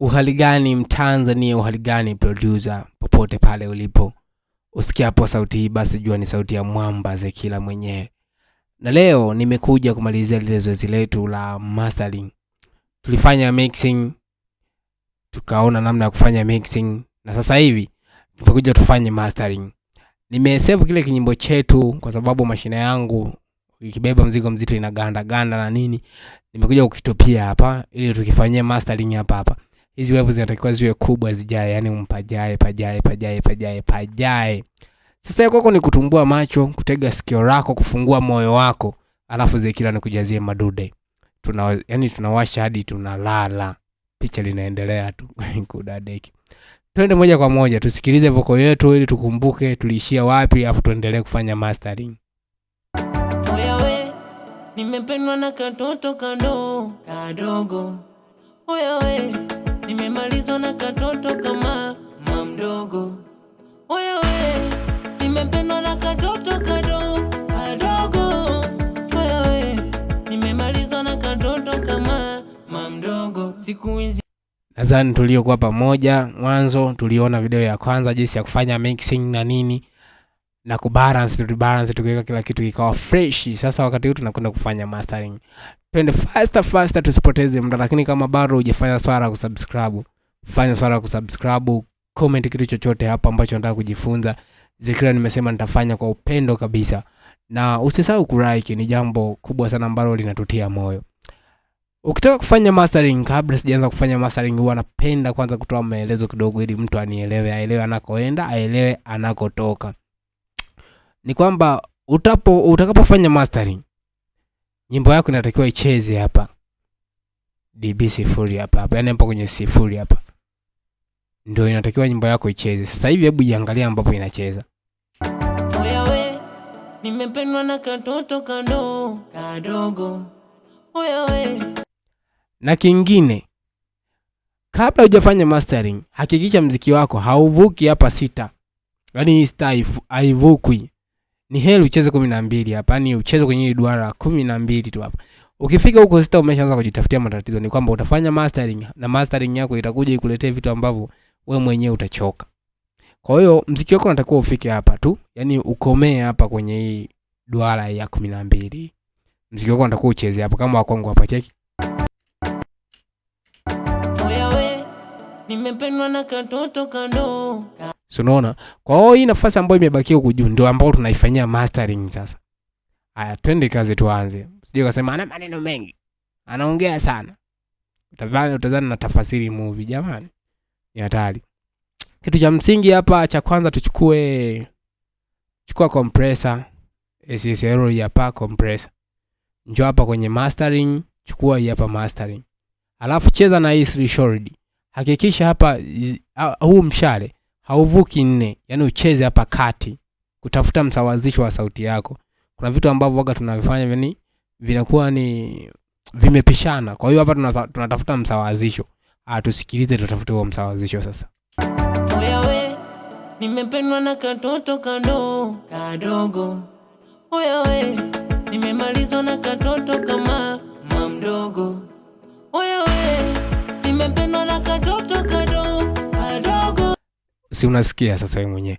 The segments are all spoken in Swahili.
Uhali gani Mtanzania, uhali gani producer, popote pale ulipo, usikia hapo sauti hii, basi jua ni sauti ya mwamba ze kila mwenyewe. Na leo nimekuja kumalizia lile zoezi letu la mastering. Tulifanya mixing, tukaona namna ya kufanya mixing, na sasa hivi tumekuja tufanye mastering. Nimesave kile kinyimbo chetu kwa sababu mashine yangu ikibeba mzigo mzito ina ganda ganda na nini, nimekuja kukitopia hapa ili tukifanyie mastering hapa hapa hizi wevu zinatakiwa ziwe kubwa zijae, yani mpajae pajae pajae pajae pajae. Sasa yako kwako ni kutumbua macho, kutega sikio lako, kufungua moyo wako, alafu Zekila nikujazie madude. Tuna yani tunawasha hadi tunalala, picha linaendelea tu kudadeki. Twende moja kwa moja tusikilize voko yetu ili tukumbuke tuliishia wapi, afu tuendelee kufanya mastering. Oyawe, nimependwa na katoto kando kadogo. Oyawe nimemalizwa na katoto kama mamdogo, wewe nimependwa na katoto kadogo kadogo, wewe nimemalizwa na katoto kama mamdogo. Siku hizi nadhani tuliokuwa pamoja mwanzo tuliona video ya kwanza jinsi ya kufanya mixing na nini na kubalance, tulibalance tukiweka kila kitu kikawa fresh. Sasa wakati huu tunakwenda kufanya mastering twende faster faster, tusipoteze mda Lakini kama bado hujafanya swala ya kusubscribe, fanya swala ya kusubscribe, comment kitu chochote hapa ambacho nataka kujifunza. Zikira nimesema nitafanya kwa upendo kabisa, na usisahau kulike, ni jambo kubwa sana ambalo linatutia moyo. Ukitaka kufanya mastering, kabla sijaanza kufanya mastering, huwa napenda kwanza kutoa maelezo kidogo, ili mtu anielewe, aelewe anakoenda, aelewe anakotoka. Ni kwamba utapo utakapofanya mastering nyimbo yako inatakiwa icheze hapa dB sifuri hapa hapa, yani hapa kwenye sifuri hapa ndio inatakiwa nyimbo yako icheze. Sasa hivi hebu iangalia ambapo inacheza. Oyawe, nimependwa na katoto kadogo. Oyawe. Na kingine, kabla hujafanya mastering, hakikisha mziki wako hauvuki hapa sita, yaani hii sta haivukwi ni heri ucheze kumi na mbili hapa, yani ucheze kwenye ile duara kumi na mbili tu hapa. Ukifika huko sita, umeshaanza kujitafutia matatizo, ni kwamba utafanya mastering na mastering yako itakuja ikuletee vitu ambavyo we mwenyewe utachoka. Kwa hiyo mziki wako unatakiwa ufike hapa tu, yani ukomee hapa kwenye hii duara ya kumi na mbili. Mziki wako unatakiwa ucheze hapa, kama wakwangu hapa, cheki Nimependwa na katoto kando So unaona? Kwa hiyo hii nafasi ambayo imebakia huko juu ndio ambayo tunaifanyia mastering sasa. Haya, twende kazi tuanze. Sije kasema ana maneno mengi. Anaongea sana. Utadhani utadhani na tafasiri movie jamani. Ni hatari. Kitu cha msingi hapa cha kwanza tuchukue chukua compressor SSL ya pa compressor. Njoo hapa kwenye mastering, chukua hii hapa mastering. Alafu cheza na hii threshold. Hakikisha hapa huu mshale hauvuki nne, yani ucheze hapa kati kutafuta msawazisho wa sauti yako. Kuna vitu ambavyo waga tunavifanya yani vinakuwa ni vimepishana, kwa hiyo hapa tunatafuta msawazisho. Ah, tusikilize, tutafute huo msawazisho sasa. Oyawe, nimependwa na katoto kado kadogo. Oyawe, nimemalizwa na katoto kama mdogo. Oyawe, nimependwa na katoto kado si unasikia sasa wewe mwenyewe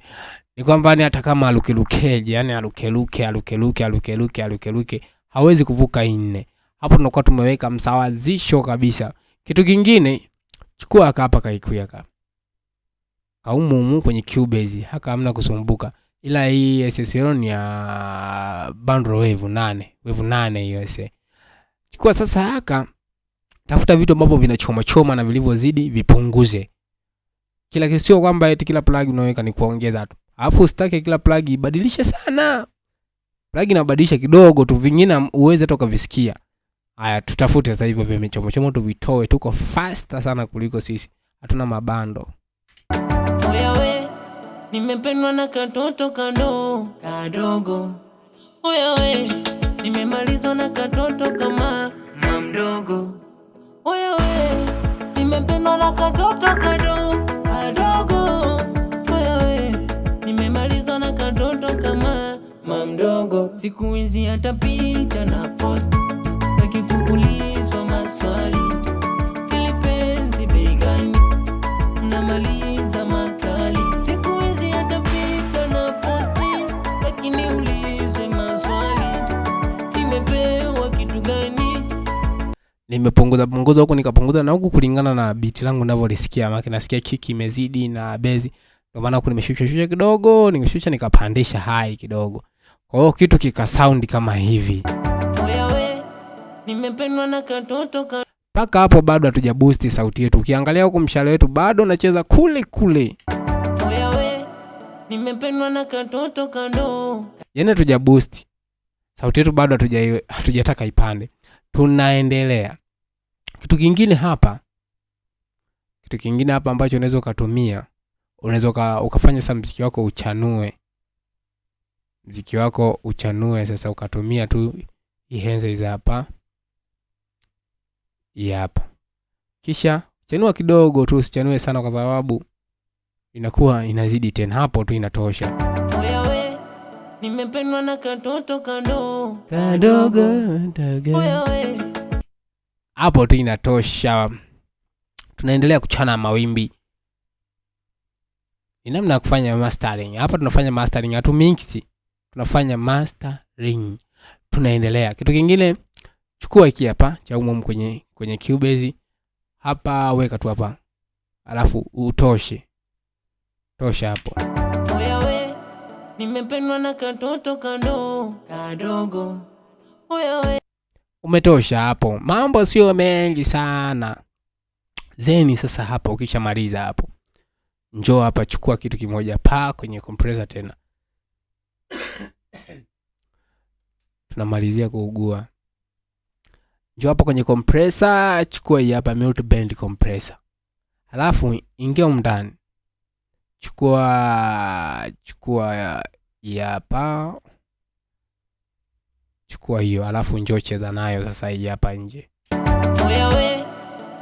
ni kwamba ni hata kama alukelukeje, yani alukeluke alukeluke alukeluke alukeluke hawezi kuvuka nne. Hapo tunakuwa tumeweka msawazisho kabisa. Kitu kingine, chukua aka hapa kaikuya ka kaumumu kwenye Cubase, haka hamna kusumbuka, ila hii SSL ni ya bundle wave nane, wave nane hiyo ese. Chukua sasa haka, tafuta vitu ambavyo vinachoma choma na vilivyozidi vipunguze kila, sio kwamba eti kila plug unaweka ni kuongeza tu, alafu usitake kila plug ibadilishe sana. Plug inabadilisha kidogo tu, vingine uweze hata ukavisikia. Haya, tutafute sasa hivyo vya michomo chomo tuvitoe, tuko faster sana kuliko sisi, hatuna mabando. Wewe nimependwa na katoto kando kadogo, wewe nimemalizwa na katoto kama mdogo, wewe nimependwa na katoto kadogo ndogo, siku hizi hata picha na post, sitaki maswali, kilipenzi bei gani, na mali Nimepunguza punguza huku nikapunguza na huku, kulingana na biti langu ninavyolisikia, maana nasikia kiki imezidi na bezi ndio maana huku nimeshusha shusha kidogo, nimeshusha nikapandisha hai kidogo. Kwa hiyo kitu kika sound kama hivi mpaka hapo bado hatuja boost sauti yetu. Ukiangalia huku mshale wetu bado unacheza kule kule, yaani hatuja boost sauti yetu bado hatujataka ipande, tunaendelea. Kitu kingine hapa, kitu kingine hapa ambacho unaweza ukatumia, unaweza ukafanya mziki wako uchanue mziki wako uchanue sasa, ukatumia tu ihenze za hapa, hii hapa, kisha chanua kidogo tu, usichanue sana, kwa sababu inakuwa inazidi tena. Hapo tu inatosha. nimependwa na katoto kadogo kadogo. hapo tu inatosha. Tunaendelea kuchana mawimbi ni namna ya kufanya mastering. Hapa tunafanya mastering, hatu mix unafanya mastering, tunaendelea. Kitu kingine, chukua hiki hapa cha umum kwenye kwenye Cubase hapa, weka tu hapa, alafu utoshe tosha hapo. Oyawe, nimependwa na katoto kando kadogo. Oyawe, umetosha hapo, mambo sio mengi sana zeni. Sasa hapa ukishamaliza hapo, njoo hapa, chukua kitu kimoja pa kwenye compressor tena tunamalizia kuugua. Njoo hapa kwenye kompresa chukua hii hapa mute band kompresa alafu ingia huko chukua chukua hii hapa, chukua hiyo, alafu njoo cheza nayo sasa. Hii hapa nje, wewe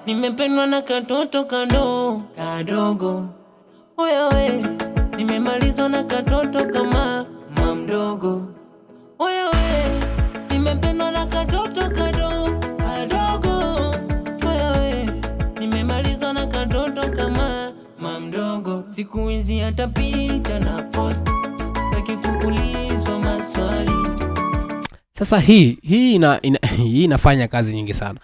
nimependwa na katoto kando kadogo, wewe nimemalizwa na katoto kama mdogo. Wewe nimependwa na katoto kadogo kadogo, wewe nimemalizwa na katoto kama mamdogo. Siku hizi hata picha na post, sitaki kuulizwa maswali. Sasa hii hii ina, ina, hii inafanya kazi nyingi sana.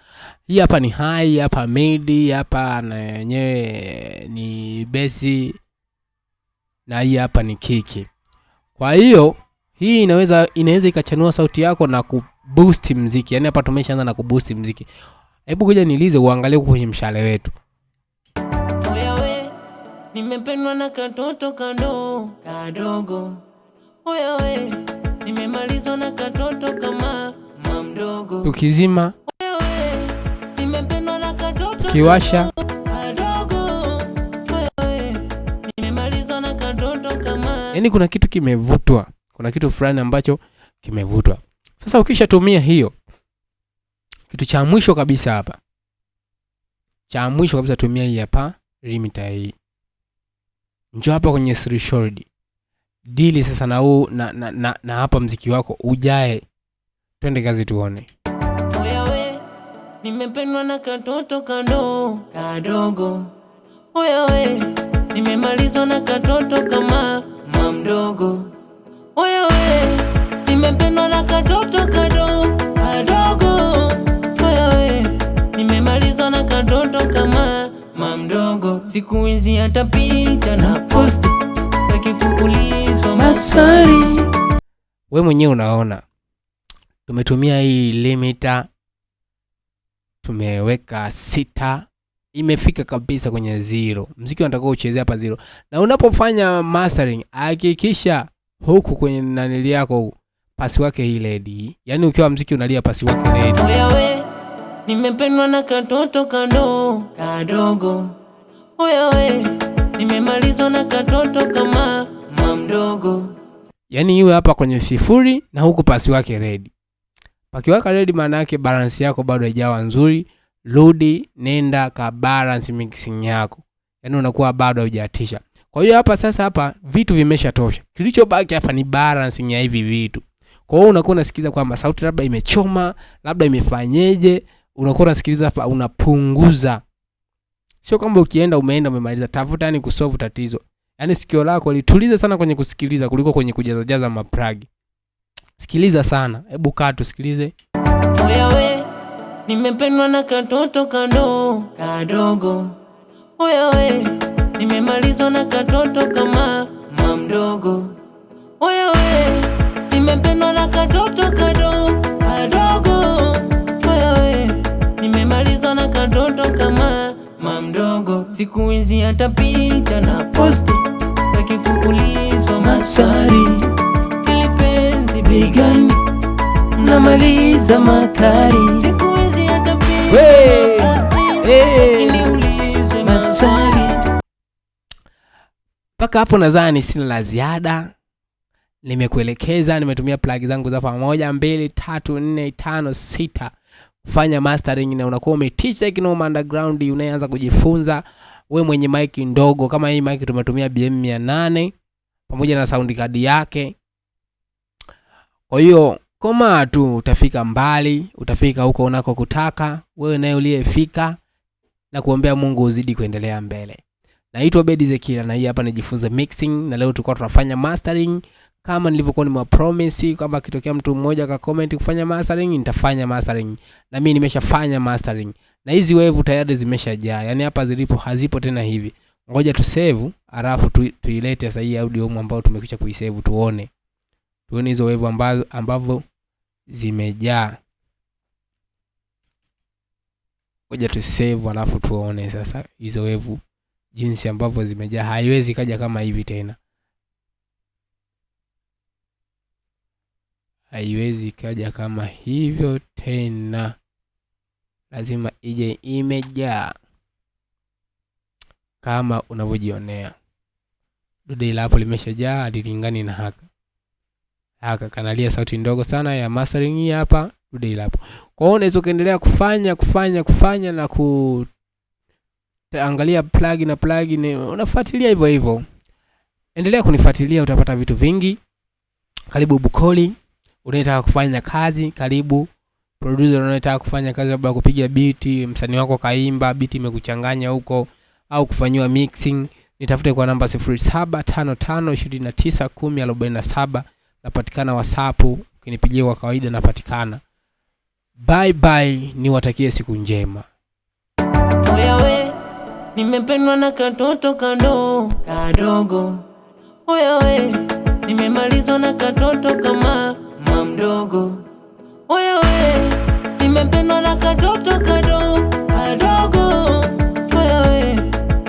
Hii hapa ni high, hapa midi, hapa na yenyewe ni besi na hii hapa ni kiki. Kwa hiyo hii inaweza inaweza ikachanua sauti yako na kuboost mziki. Yaani hapa tumeshaanza na kuboost mziki. Hebu kuja nilize uangalie huko kwenye mshale wetu. Oya nimependwa na katoto kando kadogo. Oya we, nimemalizwa na katoto kama mamdogo. Tukizima. Oya we, nimependwa na katoto kiwasha Yaani kuna kitu kimevutwa kuna kitu fulani ambacho kimevutwa. Sasa ukishatumia hiyo, kitu cha mwisho kabisa hapa, cha mwisho kabisa tumia hii hapa limiter hii, njoo hapa kwenye threshold, dili sasa na huu na, na, na, na hapa mziki wako ujae, twende kazi tuone. Wewe nimependwa na katoto kando kadogo, wewe nimemalizwa na katoto kama mamdogo wewe, nimependwa na katoto kadogo kadogo, wewe, nimemalizwa na katoto kama Siku hizi hata picha na posti, sitaki kuulizwa maswali. We mwenyewe unaona tumetumia hii limita tumeweka sita imefika kabisa kwenye zero. Mziki unatakiwa ucheze hapa zero, na unapofanya mastering hakikisha huku kwenye nanili yako pasi wake hii ledi, yaani ukiwa mziki unalia pasi wake Oya we, nimependwa na katoto kando kadogo, Oya we, nimemalizwa na katoto kama mamdogo, yaani iwe hapa kwenye sifuri na huku pasi wake ledi. Pakiwaka ledi, maana yake balansi yako bado haijawa nzuri. Rudi nenda ka balance mixing yako, yaani unakuwa bado haujatisha. Kwa hiyo hapa sasa, hapa vitu vimeshatosha. Kilichobaki hapa ni balancing ya hivi vitu. Kwa hiyo unakuwa unasikiliza kwamba sauti labda imechoma, labda imefanyeje, unakuwa unasikiliza hapa, unapunguza. Sio kwamba ukienda umeenda umemaliza. Tafuta yani kusolve tatizo. Yaani sikio lako litulize sana kwenye kusikiliza kuliko kwenye kujaza jaza maplagi. Sikiliza sana. Hebu kaa tusikilize. Wewe nimependwa na katoto kando kadogo. Wewe nimemalizwa na katoto kama mamdogo Oye wewe, nimependwa na katoto kado kadogo Oye wewe, nimemalizwa na katoto kama mamdogo. Siku hizi hata picha na posti, sitaki kuulizwa maswali, kilipenzi bigani namaliza makari. Siku hizi hata picha na posti Mpaka hapo nadhani sina la ziada. Nimekuelekeza, nimetumia plug zangu za pamoja mbili, tatu, nne, tano, sita kufanya mastering, na unakuwa umeticha kinoma underground, unaanza kujifunza we mwenye mic ndogo kama hii mic tumetumia BM nane pamoja na sound card yake. Kwa hiyo koma tu utafika mbali, utafika huko unakokutaka wewe naye uliyefika, na kuombea Mungu uzidi kuendelea mbele. Naitwa bedi Zekila na hii hapa Nijifunze Mixing, na leo tulikuwa tunafanya mastering kama nilivyokuwa nimewapromise kwamba akitokea mtu mmoja ka comment kufanya mastering, nitafanya mastering na mimi nimeshafanya mastering, na hizi wevu tayari zimeshajaa, yani hapa zilipo hazipo tena hivi. Ngoja tu save alafu tuilete sasa hii audio humu ambayo tumekisha kuisave, tuone tuone hizo wevu ambazo ambavyo zimejaa. Ngoja tu save alafu tuone sasa hizo wevu jinsi ambavyo zimejaa, haiwezi kaja kama hivi tena, haiwezi kaja kama hivyo tena, lazima ije imejaa kama unavyojionea. Dude ila hapo limeshajaa, alilingani na haka haka kanalia sauti ndogo sana ya mastering hapa dude ila hapo. Kwa hiyo unaweza ukaendelea kufanya kufanya kufanya na ku angalia plug na plug ni unafuatilia hivyo hivyo. Endelea kunifuatilia, utapata vitu vingi. Karibu Bukoli, unayetaka kufanya kazi karibu. Producer unayetaka kufanya kazi, labda kupiga beat, msanii wako kaimba beat imekuchanganya huko, au kufanyiwa mixing, nitafute kwa namba 0755291047 napatikana WhatsApp, ukinipigia kwa kawaida napatikana. Bye bye, niwatakie siku njema. Nimependwa na katoto kadogo kadogo, wewe nimemalizwa na katoto kama mamdogo, mdogo, wewe nimependwa na katoto kadogo kadogo, wewe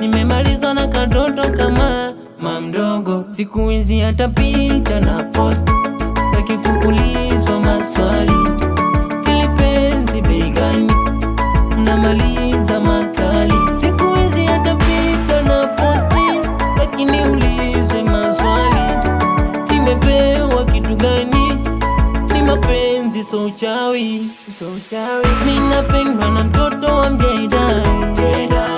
nimemalizwa na katoto kama mamdogo. Siku hizi hata picha na post, sitaki kuulizwa maswali hivi so uchawi, so uchawi. Mimi napendwa na mtoto wa mjeda